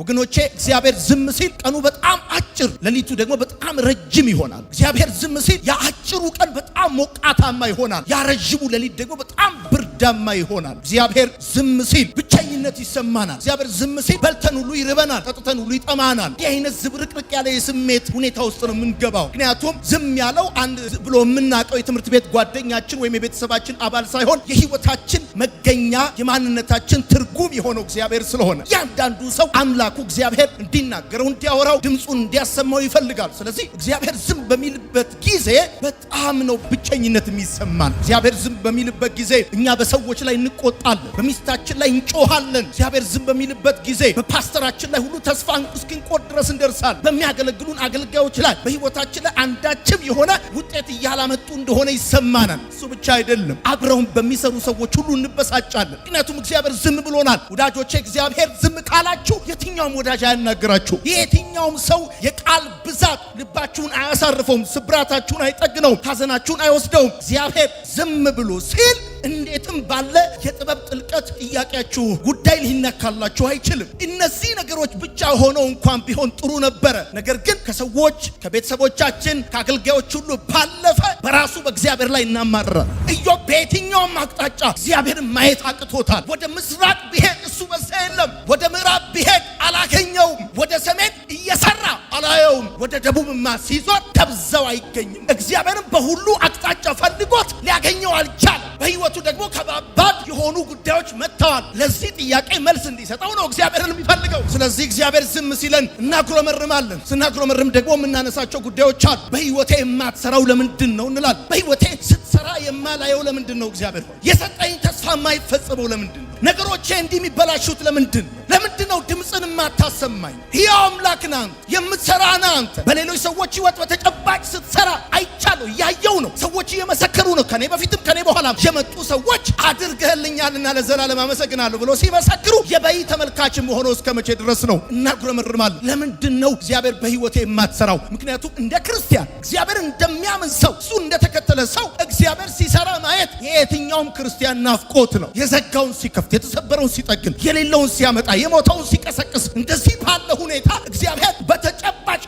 ወገኖቼ እግዚአብሔር ዝም ሲል ቀኑ በጣም አጭር፣ ሌሊቱ ደግሞ በጣም ረጅም ይሆናል። እግዚአብሔር ዝም ሲል ያ አጭሩ ቀን በጣም ሞቃታማ ይሆናል። ያ ረዥሙ ሌሊት ደግሞ በጣም ብርድ ባዳማ ይሆናል። እግዚአብሔር ዝም ሲል ብቸኝነት ይሰማናል። እግዚአብሔር ዝም ሲል በልተን ሁሉ ይርበናል፣ ጠጥተን ሁሉ ይጠማናል። ይህ አይነት ዝብርቅርቅ ያለ የስሜት ሁኔታ ውስጥ ነው የምንገባው። ምክንያቱም ዝም ያለው አንድ ብሎ የምናውቀው የትምህርት ቤት ጓደኛችን ወይም የቤተሰባችን አባል ሳይሆን የህይወታችን መገኛ የማንነታችን ትርጉም የሆነው እግዚአብሔር ስለሆነ እያንዳንዱ ሰው አምላኩ እግዚአብሔር እንዲናገረው እንዲያወራው ድምፁን እንዲያሰማው ይፈልጋል። ስለዚህ እግዚአብሔር ዝም በሚልበት ጊዜ በጣም ነው ብቸኝነት የሚሰማን። እግዚአብሔር ዝም በሚልበት ጊዜ እኛ በ በሰዎች ላይ እንቆጣለን፣ በሚስታችን ላይ እንጮሃለን። እግዚአብሔር ዝም በሚልበት ጊዜ በፓስተራችን ላይ ሁሉ ተስፋ እስክንቆርጥ ድረስ እንደርሳለን። በሚያገለግሉን አገልጋዮች ላይ በህይወታችን ላይ አንዳችም የሆነ ውጤት እያላመጡ እንደሆነ ይሰማናል። እሱ ብቻ አይደለም፣ አብረውን በሚሰሩ ሰዎች ሁሉ እንበሳጫለን። ምክንያቱም እግዚአብሔር ዝም ብሎናል። ወዳጆቼ እግዚአብሔር ዝም ካላችሁ የትኛውም ወዳጅ አያናግራችሁ። የትኛውም ሰው የቃል ብዛት ልባችሁን አያሳርፈውም፣ ስብራታችሁን አይጠግነውም፣ ሀዘናችሁን አይወስደውም። እግዚአብሔር ዝም ብሎ ሲል እንዴትም ባለ የጥበብ ጥልቀት ጥያቄያችሁ ጉዳይ ሊነካላችሁ አይችልም። እነዚህ ነገሮች ብቻ ሆነው እንኳን ቢሆን ጥሩ ነበረ። ነገር ግን ከሰዎች ከቤተሰቦቻችን፣ ከአገልጋዮች ሁሉ ባለፈ በራሱ በእግዚአብሔር ላይ እናማረራል። ኢዮብ በየትኛውም አቅጣጫ እግዚአብሔርን ማየት አቅቶታል። ወደ ምስራቅ ብሄድ እሱ በዛ የለም። ወደ ምዕራብ ቢሄድ አላገኘውም። ወደ ሰሜን እየሰራ አላየውም። ወደ ደቡብማ ሲዞር ተብዘው አይገኝም። እግዚአብሔርም በሁሉ አቅጣጫ ፈልጎት ሊያገኘው አልቻለም። በህይወቱ ደግሞ ከባባድ የሆኑ ጉዳዮች መጥተዋል። ለዚህ ጥያቄ መልስ እንዲሰጠው ነው እግዚአብሔርን የሚፈልገው። ስለዚህ እግዚአብሔር ዝም ሲለን እናጉረመርማለን። ስናጉረመርም ደግሞ የምናነሳቸው ጉዳዮች አሉ። በህይወቴ የማትሰራው ለምንድን ነው እንላለን። በህይወቴ ስትሰራ የማላየው ለምንድን ነው? እግዚአብሔር ሆይ የሰጠኝ ተስፋ የማይፈጽመው ለምንድን ነው? ነገሮቼ እንዲህ የሚበላሹት ለምንድን ነው? ለምንድን ነው ድምፅን የማታሰማኝ? ሕያው አምላክ ነህ አንተ፣ የምትሰራ ናንተ አንተ። በሌሎች ሰዎች ህይወት በተጨባጭ ስትሰራ አይቻለሁ፣ እያየው ነው። ሰዎች እየመሰከሩ ነው፣ ከኔ በፊትም ከኔ በኋላም የመጡ ሰዎች አድርገህልኛልና ለዘላለም አመሰግናለሁ ብሎ ሲመሰክሩ የበይ ተመልካች መሆኑ እስከ መቼ ድረስ ነው? እናጉረመርማል። ለምንድን ነው እግዚአብሔር በህይወቴ የማትሰራው? ምክንያቱም እንደ ክርስቲያን እግዚአብሔር እንደሚያምን ሰው እሱ እንደተከተለ ሰው እግዚአብሔር ሲሰራ ማየት የየትኛውም ክርስቲያን ናፍቆት ነው። የዘጋውን ሲከፍ ሲያበረታታ፣ የተሰበረውን ሲጠግን፣ የሌለውን ሲያመጣ፣ የሞተውን ሲቀሰቅስ፣ እንደዚህ ባለ ሁኔታ እግዚአብሔር በተጨባጭ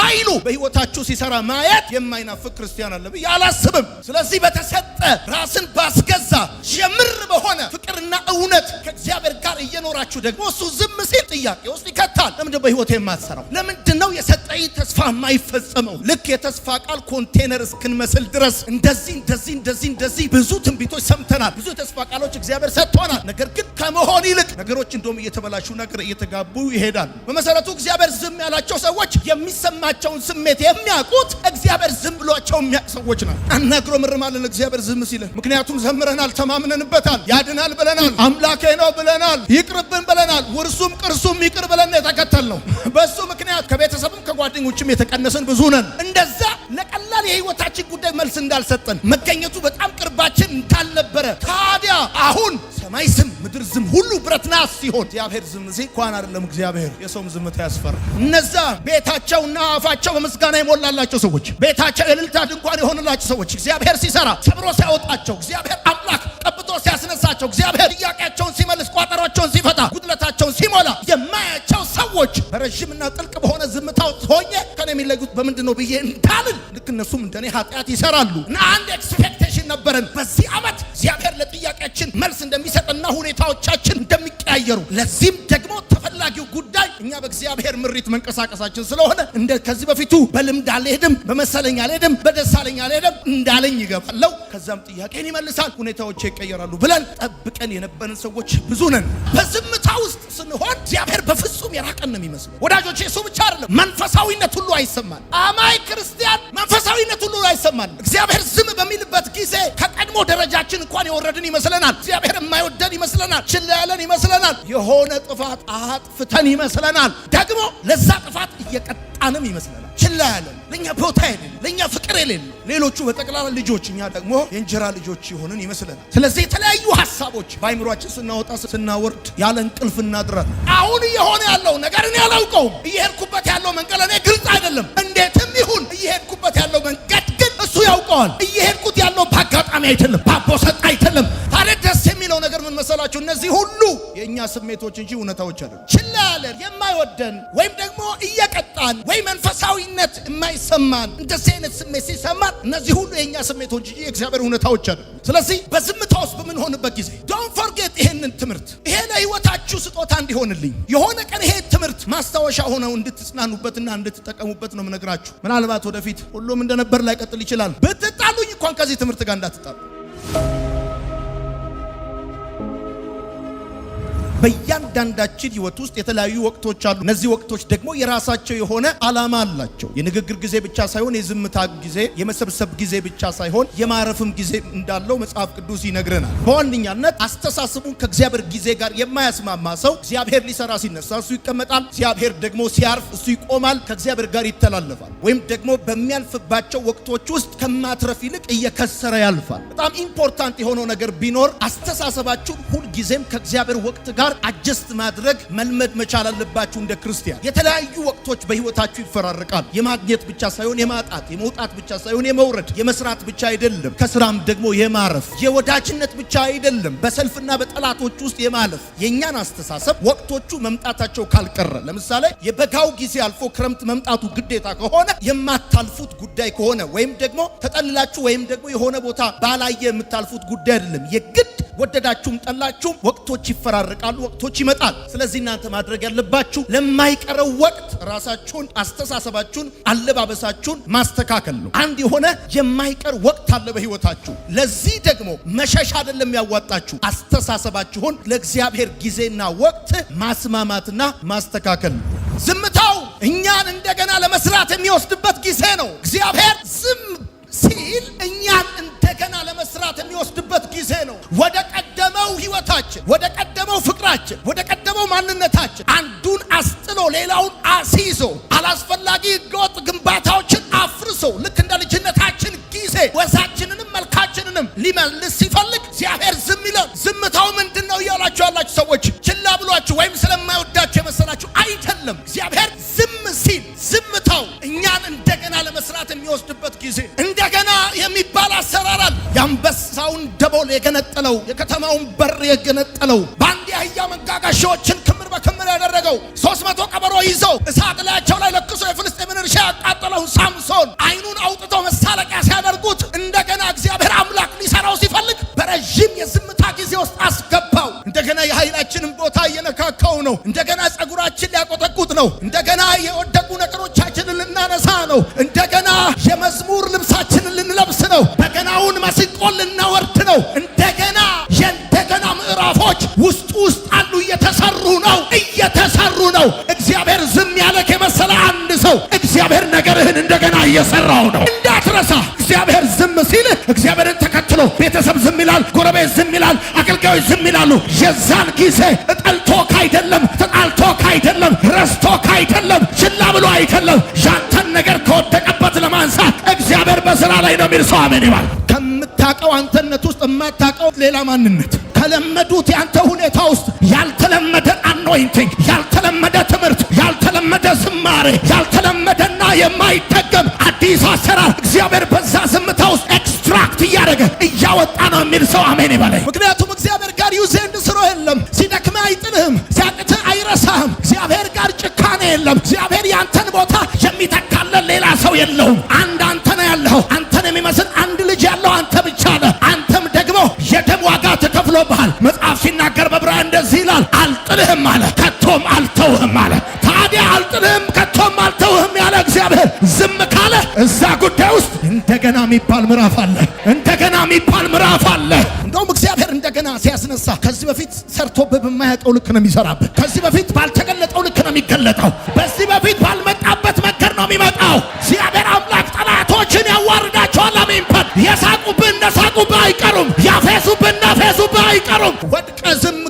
ኃይሉ በህይወታችሁ ሲሰራ ማየት የማይናፍቅ ክርስቲያን አለ ብዬ አላስብም። ስለዚህ በተሰጠ ራስን ባስገዛ ጀምር በሆነ ፍቅርና እውነት ከእግዚአብሔር ጋር እየኖራችሁ ደግሞ እሱ ዝም ሲል ጥያቄ ውስጥ ይከታል። ለምንድን በህይወት የማትሰራው? ለምንድን ነው የሰጠኝ ተስፋ የማይፈጸመው? ልክ የተስፋ ቃል ኮንቴነር እስክንመስል ድረስ እንደዚህ እንደዚህ እንደዚህ እንደዚህ ብዙ ትንቢቶች ሰምተናል። ብዙ የተስፋ ቃሎች እግዚአብሔር ሰጥቶናል። ነገር ግን ከመሆን ይልቅ ነገሮች እንደውም እየተበላሹ ነገር እየተጋቡ ይሄዳል። በመሰረቱ እግዚአብሔር ዝም ያላቸው ሰዎች የሚሰ የሚሰማቸውን ስሜት የሚያውቁት እግዚአብሔር ዝም ብሏቸው የሚያውቅ ሰዎች ናቸው። አናግሮ ምርማለን እግዚአብሔር ዝም ሲለን፣ ምክንያቱም ዘምረናል፣ ተማምነንበታል፣ ያድናል ብለናል፣ አምላኬ ነው ብለናል፣ ይቅርብን ብለናል። ውርሱም ቅርሱም ይቅር ብለን የተከተል ነው። በሱ ምክንያት ከቤተሰብም ከጓደኞችም የተቀነስን ብዙ ነን። እንደዛ ለቀላ ለሰይጣን የህይወታችን ጉዳይ መልስ እንዳልሰጠን መገኘቱ በጣም ቅርባችን እንዳልነበረ ታዲያ አሁን ሰማይ ዝም ምድር ዝም ሁሉ ብረት ናስ ሲሆን እግዚአብሔር ዝም እዚህ እንኳን አይደለም እግዚአብሔር የሰውም ዝምታ ያስፈራ። እነዛ ቤታቸውና አፋቸው በምስጋና የሞላላቸው ሰዎች ቤታቸው የልልታ ድንኳን የሆነላቸው ሰዎች እግዚአብሔር ሲሰራ ሰብሮ ሲያወጣቸው እግዚአብሔር አምላክ ክርስቶስ ሲያስነሳቸው እግዚአብሔር ጥያቄያቸውን ሲመልስ፣ ቋጠሯቸውን ሲፈታ፣ ጉድለታቸውን ሲሞላ የማያቸው ሰዎች በረዥምና ጥልቅ በሆነ ዝምታው ሆኜ ከኔ የሚለዩት በምንድን ነው ብዬ እንዳልን ልክ እነሱም እንደኔ ኃጢአት ይሰራሉ እና አንድ ኤክስፔክት ጥያቄያችን ነበረን። በዚህ ዓመት እግዚአብሔር ለጥያቄያችን መልስ እንደሚሰጥና ሁኔታዎቻችን እንደሚቀያየሩ ለዚህም ደግሞ ተፈላጊው ጉዳይ እኛ በእግዚአብሔር ምሪት መንቀሳቀሳችን ስለሆነ እንደ ከዚህ በፊቱ በልምድ አልሄድም፣ በመሰለኝ አልሄድም፣ በደሳለኝ አልሄድም እንዳለኝ ይገባለው፣ ከዛም ጥያቄን ይመልሳል፣ ሁኔታዎች ይቀየራሉ ብለን ጠብቀን የነበረን ሰዎች ብዙ ነን። በዝምታ ውስጥ ስንሆን እግዚአብሔር በፍጹም የራቀን ነው የሚመስለው። ወዳጆቼ እሱ ብቻ አይደለም፣ መንፈሳዊነት ሁሉ አይሰማል። አማይ ክርስቲያን መንፈሳዊነት ሁሉ አይሰማል። እግዚአብሔር ዝም በሚልበት ጊዜ ከቀድሞ ደረጃችን እንኳን የወረድን ይመስለናል። እግዚአብሔር የማይወደን ይመስለናል፣ ችላ ያለን ይመስለናል፣ የሆነ ጥፋት አጥፍተን ይመስለናል። ደግሞ ለዛ ጥፋት እየቀጣንም ይመስለናል። ችላ ያለን ለእኛ ቦታ የሌለ ለእኛ ፍቅር የሌለ ሌሎቹ በጠቅላላ ልጆች፣ እኛ ደግሞ የእንጀራ ልጆች የሆንን ይመስለናል። ስለዚህ የተለያዩ ሀሳቦች በአይምሯችን ስናወጣ ስናወርድ ያለ እንቅልፍና ጥረት ነው። አሁን እየሆነ ያለው ነገር እኔ አላውቀውም። እየሄድኩበት ያለው መንገድ እኔ ግልጽ አይደለም። እንዴትም ይሁን እየሄድኩበት ያለው መንገድ ግን እሱ ያውቀዋል። እየሄድኩት ያለው በአጋጣሚ አይደለም፣ ባቦሰጥ አይደለም። ታዲያ ደስ የሚለው ነገር ምን መሰላችሁ? እነዚህ ሁሉ የእኛ ስሜቶች እንጂ እውነታዎች አለ ችላ ያለን የማይወደን ወይም ደግሞ እየቀጣን ወይ መንፈሳዊነት የማይሰማን እንደዚህ አይነት ስሜት ሲሰማን እነዚህ ሁሉ የእኛ ስሜቶች እንጂ የእግዚአብሔር እውነታዎች አለ። ስለዚህ በዝምታ ውስጥ በምንሆንበት ጊዜ ሞጌጥ ይሄንን ትምህርት ይሄ ለህይወታችሁ ስጦታ እንዲሆንልኝ የሆነ ቀን ይሄ ትምህርት ማስታወሻ ሆነው እንድትጽናኑበትና እንድትጠቀሙበት ነው ምነግራችሁ። ምናልባት ወደፊት ሁሉም እንደነበር ላይቀጥል ይችላል። ብትጣሉኝ እንኳን ከዚህ ትምህርት ጋር እንዳትጣሉ። በእያንዳንዳችን ህይወት ውስጥ የተለያዩ ወቅቶች አሉ። እነዚህ ወቅቶች ደግሞ የራሳቸው የሆነ ዓላማ አላቸው። የንግግር ጊዜ ብቻ ሳይሆን የዝምታ ጊዜ፣ የመሰብሰብ ጊዜ ብቻ ሳይሆን የማረፍም ጊዜ እንዳለው መጽሐፍ ቅዱስ ይነግረናል። በዋነኛነት አስተሳሰቡን ከእግዚአብሔር ጊዜ ጋር የማያስማማ ሰው እግዚአብሔር ሊሰራ ሲነሳ እሱ ይቀመጣል፣ እግዚአብሔር ደግሞ ሲያርፍ እሱ ይቆማል፣ ከእግዚአብሔር ጋር ይተላለፋል። ወይም ደግሞ በሚያልፍባቸው ወቅቶች ውስጥ ከማትረፍ ይልቅ እየከሰረ ያልፋል። በጣም ኢምፖርታንት የሆነው ነገር ቢኖር አስተሳሰባችሁን ሁልጊዜም ከእግዚአብሔር ወቅት ጋር ጋር አጀስት ማድረግ መልመድ መቻል አለባችሁ። እንደ ክርስቲያን የተለያዩ ወቅቶች በህይወታችሁ ይፈራርቃል። የማግኘት ብቻ ሳይሆን የማጣት፣ የመውጣት ብቻ ሳይሆን የመውረድ፣ የመስራት ብቻ አይደለም፣ ከስራም ደግሞ የማረፍ፣ የወዳጅነት ብቻ አይደለም፣ በሰልፍና በጠላቶች ውስጥ የማለፍ። የእኛን አስተሳሰብ ወቅቶቹ መምጣታቸው ካልቀረ ለምሳሌ የበጋው ጊዜ አልፎ ክረምት መምጣቱ ግዴታ ከሆነ የማታልፉት ጉዳይ ከሆነ ወይም ደግሞ ተጠልላችሁ ወይም ደግሞ የሆነ ቦታ ባላየ የምታልፉት ጉዳይ አይደለም የግድ ወደዳችሁም ጠላችሁም ወቅቶች ይፈራረቃሉ፣ ወቅቶች ይመጣል። ስለዚህ እናንተ ማድረግ ያለባችሁ ለማይቀረው ወቅት ራሳችሁን፣ አስተሳሰባችሁን፣ አለባበሳችሁን ማስተካከል ነው። አንድ የሆነ የማይቀር ወቅት አለ በህይወታችሁ። ለዚህ ደግሞ መሸሽ አይደለም ያዋጣችሁ፣ አስተሳሰባችሁን ለእግዚአብሔር ጊዜና ወቅት ማስማማትና ማስተካከል ነው። ዝምታው እኛን እንደገና ለመስራት የሚወስድበት ጊዜ ነው። እግዚአብሔር ዝም ሲል እኛን እንደገና ለመስራት የሚወስድበት ጊዜ ወደ ቀደመው ህይወታችን፣ ወደ ቀደመው ፍቅራችን፣ ወደ ቀደመው ማንነታችን አንዱን አስጥሎ ሌላውን አስይዞ አላስፈላጊ ህገወጥ ያደረገው ሶስት መቶ ቀበሮ ይዘው እሳት ላያቸው ላይ ለክሶ የፍልስጤምን እርሻ ያቃጠለው ሳምሶን አይኑን አውጥተው መሳለቂያ ሲያደርጉት እንደገና እግዚአብሔር አምላክ ሊሰራው ሲፈልግ በረዥም የዝምታ ጊዜ ውስጥ አስገባው። እንደገና የኃይላችንን ቦታ እየነካካው ነው። እንደገና ጸጉራችን ሊያቆጠቁጥ ነው። እንደገና የወደቁ ነገሮቻችንን ልናነሳ ነው። ነገርህን እንደገና እየሰራው ነው። እንዳትረሳ። እግዚአብሔር ዝም ሲል እግዚአብሔርን ተከትሎ ቤተሰብ ዝም ይላል፣ ጎረቤት ዝም ይላል፣ አገልጋዮች ዝም ይላሉ። የዛን ጊዜ እጠልቶ ካይደለም፣ ተጣልቶ ካይደለም፣ ረስቶ ካይደለም፣ ችላ ብሎ አይደለም። ያንተን ነገር ከወደቀበት ለማንሳት እግዚአብሔር በስራ ላይ ነው የሚል ሰው አሜን ይባል። ከምታቀው አንተነት ውስጥ የማታቀው ሌላ ማንነት ከለመዱት የአንተ ሁኔታ ውስጥ ያልተለመደ አኖይንቲንግ፣ ያልተለመደ ትምህርት፣ ያልተለመደ ዝማሬ፣ ያልተለመደ የማይጠገም አዲስ አሰራር እግዚአብሔር በዛ ዝምታ ውስጥ ኤክስትራክት እያደረገ እያወጣ ነው የሚል ሰው አሜን ይበላይ። ምክንያቱም እግዚአብሔር ጋር ዩዜንድ ስሮ የለም። ሲደክመ አይጥልህም፣ ሲያቅትህ አይረሳህም። እግዚአብሔር ጋር ጭካኔ የለም። እግዚአብሔር ያንተን ቦታ የሚተካለን ሌላ ሰው የለውም። አንድ አንተ ነው አንተን የሚመስል አንድ ልጅ ያለው አንተ ብቻ ነህ። አንተም ደግሞ የደም ዋጋ ተከፍሎብሃል። መጽሐፍ ሲናገር በብራ እንደዚህ ይላል፣ አልጥልህም አለ፣ ከቶም አልተውህም አለ። ታዲያ አልጥልህም ከቶም አልተ እግዚአብሔር ዝም ካለ እዛ ጉዳይ ውስጥ እንደገና የሚባል ምዕራፍ አለ። እንደገና የሚባል ምዕራፍ አለ። እንደውም እግዚአብሔር እንደገና ሲያስነሳ ከዚህ በፊት ሰርቶብህ በማያውቀው ልክ ነው የሚሰራብህ። ከዚህ በፊት ባልተገለጠው ልክ ነው የሚገለጠው። በዚህ በፊት ባልመጣበት መንገድ ነው የሚመጣው። እግዚአብሔር አምላክ ጠላቶችን ያዋርዳቸዋል። አሜንፈን የሳቁብህ እንደሳቁብህ አይቀሩም። ያፌዙብህ እንዳፌዙብህ አይቀሩም። ወድቀ ዝም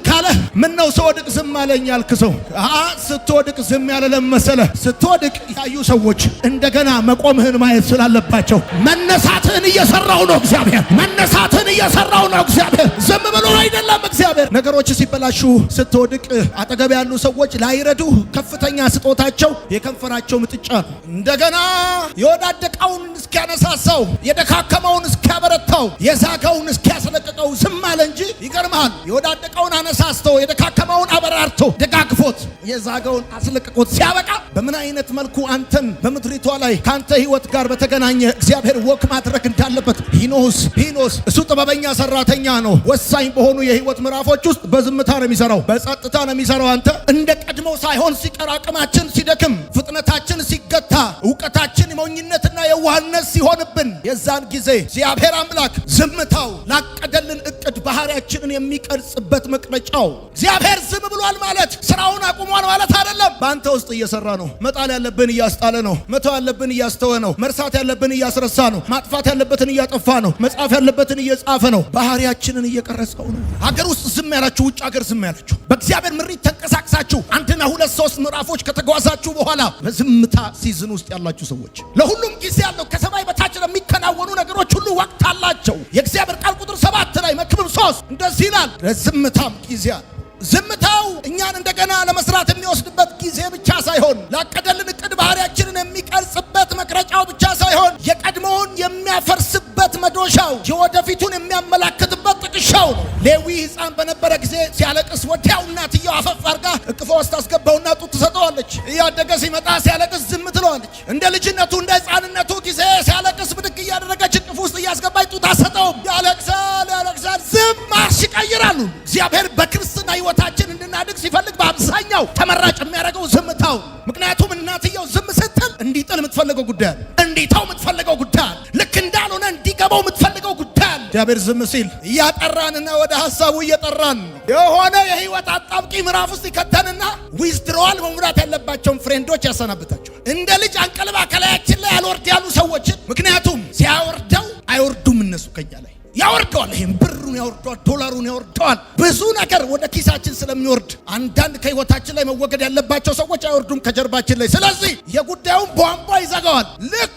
ነው ስወድቅ ዝም አለኝ ያልክ ሰው አአ ስትወድቅ ዝም ያለለም መሰለ ስትወድቅ ያዩ ሰዎች እንደገና መቆምህን ማየት ስላለባቸው መነሳትህን እየሰራው ነው እግዚአብሔር። መነሳትህን እየሰራው ነው እግዚአብሔር። ዝም ብሎ አይደለም እግዚአብሔር። ነገሮች ሲበላሹ ስትወድቅ አጠገብ ያሉ ሰዎች ላይረዱ ከፍተኛ ስጦታቸው የከንፈራቸው ምጥጫ እንደገና የወዳደቀውን እስኪያነሳሳው የደካከመውን እስኪያበረታው የዛገውን እስኪያስለቅቀው ዝም አለ እንጂ ይገርምሃል የወዳደቀውን አነሳስተው የደካ ከተማውን አበራርቶ ደጋግፎት የዛገውን አስለቅቆት ሲያበቃ በምን አይነት መልኩ አንተን በምድሪቷ ላይ ከአንተ ህይወት ጋር በተገናኘ እግዚአብሔር ወክ ማድረግ እንዳለበት ሂኖስ ሂኖስ እሱ ጥበበኛ ሰራተኛ ነው። ወሳኝ በሆኑ የህይወት ምዕራፎች ውስጥ በዝምታ ነው የሚሰራው፣ በጸጥታ ነው የሚሰራው። አንተ እንደ ቀድሞ ሳይሆን ሲቀር፣ አቅማችን ሲደክም፣ ፍጥነታችን ሲገታ፣ እውቀታችን ሞኝነትና የዋህነት ሲሆንብን የዛን ጊዜ እግዚአብሔር አምላክ ዝምታው ላቀደልን እቅድ ባህሪያችንን የሚቀርጽበት መቅረጫው እግዚአብሔር ዝም ብሏል ማለት ስራውን አቁሟል ማለት አይደለም። በአንተ ውስጥ እየሰራ ነው። መጣል ያለብን እያስጣለ ነው። መተው ያለብን እያስተወ ነው። መርሳት ያለብን እያስረሳ ነው። ማጥፋት ያለበትን እያጠፋ ነው። መጻፍ ያለበትን እየጻፈ ነው። ባህሪያችንን እየቀረጸው ነው። ሀገር ውስጥ ዝም ያላችሁ፣ ውጭ ሀገር ዝም ያላችሁ፣ በእግዚአብሔር ምሪት ተንቀሳቅሳችሁ አንድና ሁለት ሶስት ምዕራፎች ከተጓዛችሁ በኋላ በዝምታ ሲዝን ውስጥ ያላችሁ ሰዎች ለሁሉም ጊዜ ያለው ከሰማይ በታች ለሚከናወኑ ነገሮች ሁሉ ወቅት አላቸው። የእግዚአብሔር ቃል ቁጥር ሰባት ላይ መክብብ ሶስት እንደዚህ ይላል ለዝምታም ጊዜ ዝምታው እኛን እንደገና ለመስራት የሚወስድበት ጊዜ ብቻ ሳይሆን ላቀደልን እቅድ ባህሪያችንን የሚቀርጽበት መቅረጫው ብቻ ሳይሆን የቀድሞውን የሚያፈርስበት መዶሻው የወደፊቱን የሚያመላክትበት ጥቅሻው ነው። ሌዊ ሕፃን በነበረ ጊዜ ሲያለቅስ ወዲያው እናትየው አፈፍ አርጋ እቅፎ ውስጥ አስገባውና ጡት ትሰጠዋለች። እያደገ ሲመጣ ሲያለቅስ ዝም ትለዋለች። እንደ ልጅነቱ እንደ ሕፃንነቱ ጊዜ ሲያለቅስ ብድግ እያደረገች እቅፍ ውስጥ እያስገባች ጡት አሰጠውም። ያለቅሳል ያለቅሳል። ዝም ማርሽ ይቀይራሉ እግዚአብሔር በክርስትና ህይወታችን እንድናድግ ሲፈልግ በአብዛኛው ተመራጭ የሚያደርገው ዝምታው። ምክንያቱም እናትየው ዝም ስትል እንዲጥል የምትፈልገው ጉዳይ፣ እንዲተው የምትፈልገው ጉዳይ፣ ልክ እንዳልሆነ እንዲገባው የምትፈልገው ጉዳይ። እግዚአብሔር ዝም ሲል እያጠራንና ወደ ሀሳቡ እየጠራን የሆነ የህይወት አጣብቂ ምዕራፍ ውስጥ ይከተንና ዊዝድሮዋል መሙላት ያለባቸውን ፍሬንዶች ያሰናብታቸዋል። እንደ ልጅ አንቀልባ ከላያችን ላይ አልወርድ ያሉ ሰዎችን ምክንያቱም ያወርደዋል። ይህም ብሩን ያወርደዋል፣ ዶላሩን ያወርደዋል። ብዙ ነገር ወደ ኪሳችን ስለሚወርድ አንዳንድ ከህይወታችን ላይ መወገድ ያለባቸው ሰዎች አይወርዱም ከጀርባችን ላይ። ስለዚህ የጉዳዩን ቧንቧ ይዘጋዋል። ልክ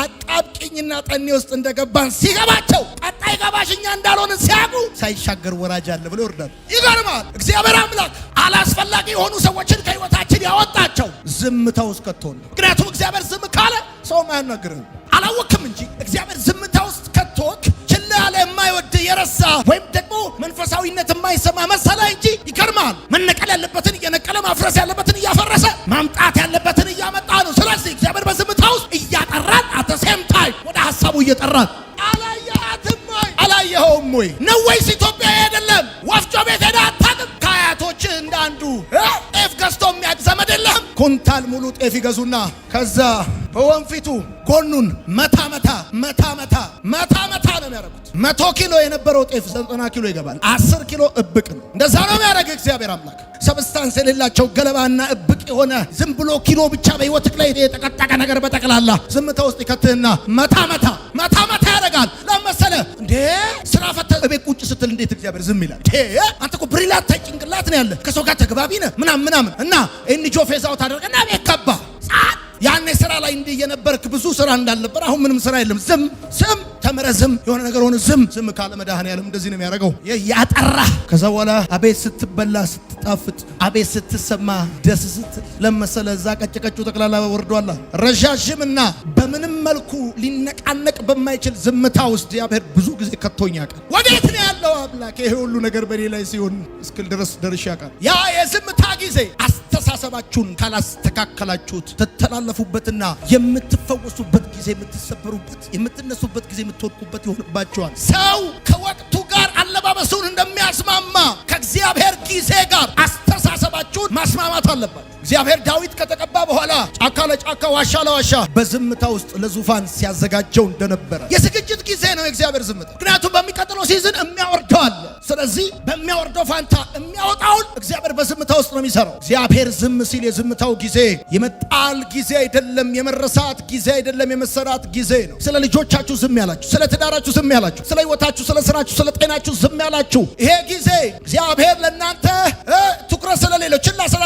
አጣብቂኝና ጠኔ ውስጥ እንደገባን ሲገባቸው ቀጣይ ገባሽኛ እንዳልሆንን ሲያጉ ሳይሻገር ወራጅ አለ ብሎ ይወርዳል። ይገርማል። እግዚአብሔር አምላክ አላስፈላጊ የሆኑ ሰዎችን ከህይወታችን ያወጣቸው ዝምታው እስከትሆን። ምክንያቱም እግዚአብሔር ዝም ካለ ሰውም አያናግርም። አላወክም እንጂ እግዚአብሔር ዝም የረሳ ወይም ደግሞ መንፈሳዊነት የማይሰማ መሰለ እንጂ ይገርማል። መነቀል ያለበትን እየነቀለ ማፍረስ ያለበትን እያፈረሰ ማምጣት ያለበትን እያመጣ ነው። ስለዚህ እግዚአብሔር በዝምታ ውስጥ እያጠራን አተሴም ታይም ወደ ሀሳቡ እየጠራን አላየሃትም ወይ አላየኸውም ወይ ነው ወይስ ኢትዮጵያ አይደለም? ወፍጮ ቤት ሄዳ አታውቅም? ከአያቶች እንደ አንዱ ጤፍ ገዝቶ የሚያቅ ዘመድ የለህም? ኩንታል ሙሉ ጤፍ ይገዙና ከዛ በወንፊቱ ጎኑን መታ መታ መታ መታ መታ መታ ነው የሚያደርጉት መቶ ኪሎ የነበረው ጤፍ ዘጠና ኪሎ ይገባል። አስር ኪሎ እብቅ ነው። እንደዛ ነው የሚያደርግ እግዚአብሔር አምላክ። ሰብስታንስ የሌላቸው ገለባና እብቅ የሆነ ዝም ብሎ ኪሎ ብቻ በህይወትህ ላይ የተቀጠቀ ነገር በጠቅላላ ዝምታ ውስጥ ይከትህና መታ መታ መታ መታ ያደርጋል። ለመሰለ እንዴ ስራ ፈተ ቤት ቁጭ ስትል እንዴት እግዚአብሔር ዝም ይላል? አንተ እኮ ብሪላት ጭንቅላት ነው ያለ ከሰው ጋር ተግባቢ ነህ ምናምን ምናምን እና ኤንጆ ፌዛው ታደርገና ብዙ ስራ እንዳልነበር አሁን ምንም ስራ የለም። ዝም ዝም ተምረ ዝም የሆነ ነገር ሆነ ዝም ዝም ካለ መድኃኒዓለም እንደዚህ ነው የሚያደርገው ያጠራ። ከዛ በኋላ አቤት ስትበላ ስትጣፍጥ፣ አቤት ስትሰማ ደስ ስት ለመሰለ እዛ ቀጭቀጩ ጠቅላላ ወርዷላ። ረዣዥምና በምንም መልኩ ሊነቃነቅ በማይችል ዝምታ ውስጥ እግዚአብሔር ብዙ ጊዜ ከቶኝ ያውቃል። ወዴት ነው ያለው አምላክ ይሄ ሁሉ ነገር በእኔ ላይ ሲሆን እስክል ድረስ ደርሽ ያውቃል ያ የዝምታ ጊዜ አስተሳሰባችሁን ካላስተካከላችሁት ትተላለፉበትና የምትፈወሱበት ጊዜ የምትሰበሩበት፣ የምትነሱበት ጊዜ የምትወድቁበት ይሆንባቸዋል። ሰው ከወቅቱ ጋር አለባበሱን እንደሚያስማማ ከእግዚአብሔር ጊዜ ጋር ማስማማት አለባት። እግዚአብሔር ዳዊት ከተቀባ በኋላ ጫካ ለጫካ ዋሻ ለዋሻ በዝምታ ውስጥ ለዙፋን ሲያዘጋጀው እንደነበረ የዝግጅት ጊዜ ነው የእግዚአብሔር ዝምታ። ምክንያቱም በሚቀጥለው ሲዝን የሚያወርደው አለ። ስለዚህ በሚያወርደው ፋንታ የሚያወጣውን እግዚአብሔር በዝምታ ውስጥ ነው የሚሰራው። እግዚአብሔር ዝም ሲል የዝምታው ጊዜ የመጣል ጊዜ አይደለም፣ የመረሳት ጊዜ አይደለም፣ የመሰራት ጊዜ ነው። ስለ ልጆቻችሁ ዝም ያላችሁ፣ ስለ ትዳራችሁ ዝም ያላችሁ፣ ስለ ህይወታችሁ ስለ ስራችሁ፣ ስለ ጤናችሁ ዝም ያላችሁ ይሄ ጊዜ እግዚአብሔር ለእናንተ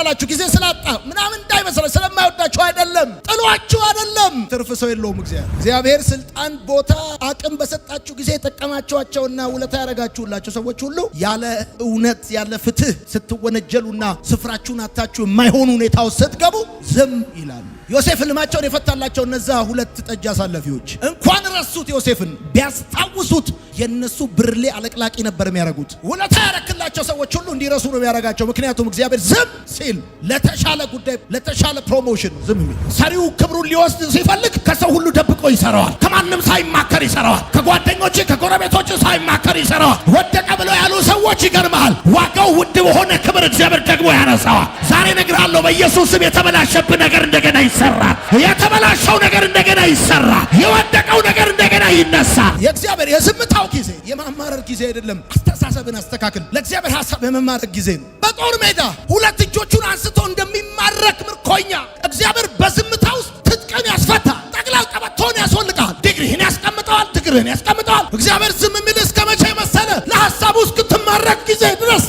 ታውቃላችሁ። ጊዜ ስላጣ ምናምን እንዳይመስለ ስለማይወዳችሁ አይደለም፣ ጥሏችሁ አይደለም። ትርፍ ሰው የለውም። እግዚአብሔር እግዚአብሔር ስልጣን፣ ቦታ፣ አቅም በሰጣችሁ ጊዜ የጠቀማችኋቸውና ውለታ ያደረጋችሁላቸው ሰዎች ሁሉ ያለ እውነት ያለ ፍትህ ስትወነጀሉና ስፍራችሁን አታችሁ የማይሆኑ ሁኔታ ውስጥ ስትገቡ ዝም ይላሉ። ዮሴፍ ህልማቸውን የፈታላቸው እነዛ ሁለት ጠጅ አሳላፊዎች እንኳን ረሱት፣ ዮሴፍን ቢያስታውሱት የነሱ ብርሌ አለቅላቂ ነበር የሚያደርጉት። ውለታ ያረክላቸው ሰዎች ሁሉ እንዲረሱ ነው የሚያደርጋቸው። ምክንያቱም እግዚአብሔር ዝም ሲል ለተሻለ ጉዳይ፣ ለተሻለ ፕሮሞሽን ዝም የሚል ሰሪው ክብሩን ሊወስድ ሲፈልግ ከሰው ሁሉ ደብቆ ይሰራዋል። ከማንም ሳይማከር ይሰራዋል። ከጓደኞች ከጎረቤቶች ሳይማከር ይሰራዋል። ወደቀ ብለው ያሉ ሰዎች ይገርመሃል፣ ዋጋው ውድ በሆነ ክብር እግዚአብሔር ደግሞ ያነሳዋል። ዛሬ እነግርሃለሁ በኢየሱስ ስም የተመላሸብ ነገር እንደገና ይሰራ። የተበላሸው ነገር እንደገና ይሰራ የወደቀው ነገር እንደገና ይነሳ የእግዚአብሔር የዝምታው ጊዜ የማማረር ጊዜ አይደለም። አስተሳሰብን አስተካክል። ለእግዚአብሔር ሀሳብ የመማረር ጊዜ ነው። በጦር ሜዳ ሁለት እጆቹን አንስቶ እንደሚማረክ ምርኮኛ እግዚአብሔር በዝምታ ውስጥ ትጥቅን ያስፈታ ጠቅላል ቀበቶን ያስወልቃል። ዲግሪህን ያስቀምጠዋል። ትግርህን ያስቀምጠዋል። እግዚአብሔር ዝም የሚል እስከ መቼ መሰለ? ለሀሳቡ እስክትማረክ ጊዜ ድረስ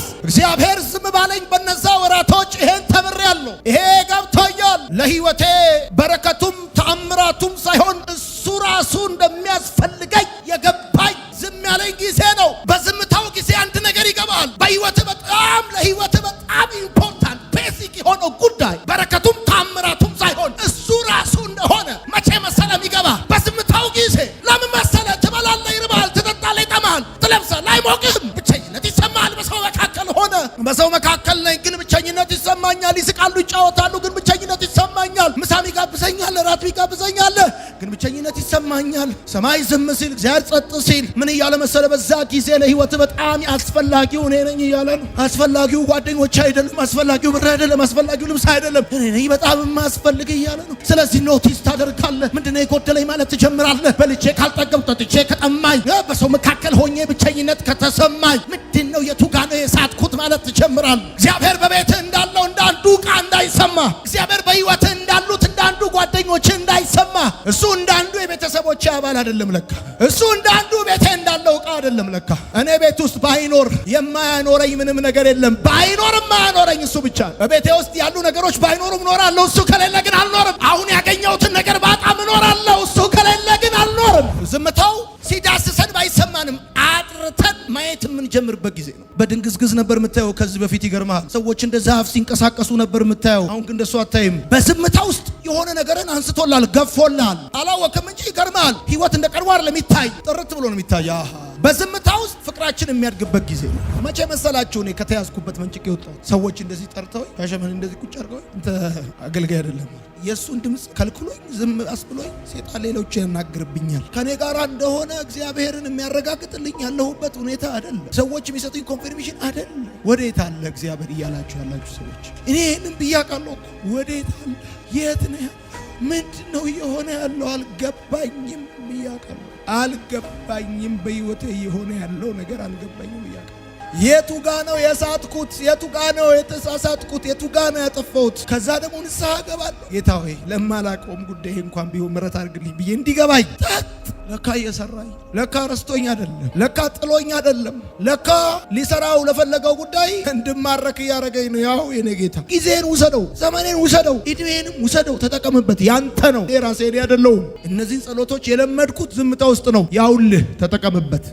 Fun ሰማይ ዝም ሲል እግዚአብሔር ጸጥ ሲል ምን እያለ መሰለ፣ በዛ ጊዜ ለህይወት በጣም አስፈላጊው እኔ ነኝ እያለ ነው። አስፈላጊው ጓደኞች አይደለም፣ አስፈላጊው ብር አይደለም፣ አስፈላጊው ልብስ አይደለም፣ እኔ ነኝ በጣም የማስፈልግ እያለ ነው። ስለዚህ ኖቲስ ታደርጋለህ። ምንድነው የጎደለኝ ማለት ትጀምራለህ። በልቼ ካልጠገብ ጠጥቼ ከጠማኝ በሰው መካከል ሆኜ ብቸኝነት ከተሰማኝ ምንድን ነው የቱጋ ነው የሳትኩት ማለት ትጀምራለህ። እግዚአብሔር በቤት እንዳለው እንዳንዱ ዕቃ እንዳይሰማ፣ እግዚአብሔር በህይወት እንዳሉት እንዳንዱ ጓደኞች እንዳይሰማ እሱ አባል አይደለም ለካ። እሱ እንዳንዱ ቤቴ እንዳለው እቃ አይደለም ለካ። እኔ ቤት ውስጥ ባይኖር የማያኖረኝ ምንም ነገር የለም። ባይኖር የማያኖረኝ እሱ ብቻ። በቤቴ ውስጥ ያሉ ነገሮች ባይኖሩም እኖራለሁ። እሱ ከሌለ ግን አልኖርም። አሁን ያገኘሁትን ነገር ባጣም እኖራለሁ። እሱ ከሌለ ግን አልኖርም። ዝምታው ሲዳስሰን ባይሰማንም አጥርተን ማየት የምንጀምርበት ጊዜ ነው። በድንግዝግዝ ነበር የምታየው ከዚህ በፊት ይገርማል። ሰዎች እንደ ዛፍ ሲንቀሳቀሱ ነበር የምታየው። አሁን ግን እንደሱ አታይም። በዝምታ ውስጥ የሆነ ነገርን አንስቶላል፣ ገፎላል። አላወቅም እንጂ ይገርማል። ህይወት እንደ ቀድሞ አይደለም ጥርት ብሎ ነው የሚታይ። በዝምታ ውስጥ ፍቅራችን የሚያድግበት ጊዜ ነው። መቼ መሰላችሁ እኔ ከተያዝኩበት መንጭቅ የወጣሁት ሰዎች እንደዚህ ጠርተው ሻሸመኔ እንደዚህ ቁጭ እንተ አገልጋይ አይደለም የእሱን ድምፅ ከልክሎኝ ዝም አስብሎኝ ሴጣን ሌሎች ያናግርብኛል። ከእኔ ጋር እንደሆነ እግዚአብሔርን የሚያረጋግጥልኝ ያለሁበት ሁኔታ አይደለም። ሰዎች የሚሰጡኝ ኮንፊርሜሽን አይደለም። ወዴት አለ እግዚአብሔር እያላችሁ ያላችሁ ሰዎች እኔ ይህንም ብያቃለሁ። ወዴት አለ የት ነው ምንድን ነው የሆነ ያለው አልገባኝም እያቀሉ አልገባኝም በህይወቴ የሆነ ያለው ነገር አልገባኝም እያቀሉ የቱ ጋ ነው የሳትኩት? የቱ ጋ ነው የተሳሳትኩት? የቱ ጋ ነው ያጠፋሁት? ከዛ ደግሞ ንስሐ ገባለሁ። ጌታ ሆይ ለማላቀውም ጉዳይ እንኳን ቢሆን ምረት አድርግልኝ ብዬ እንዲገባኝ ለካ እየሰራኝ፣ ለካ ረስቶኝ አይደለም፣ ለካ ጥሎኝ አይደለም፣ ለካ ሊሰራው ለፈለገው ጉዳይ እንድማረክ እያደረገኝ ነው። ያው የኔ ጌታ ጊዜን ውሰደው፣ ዘመኔን ውሰደው፣ እድሜንም ውሰደው፣ ተጠቀምበት። ያንተ ነው፣ ራሴ እኔ እነዚህን ጸሎቶች የለመድኩት ዝምታ ውስጥ ነው። ያውልህ፣ ተጠቀምበት።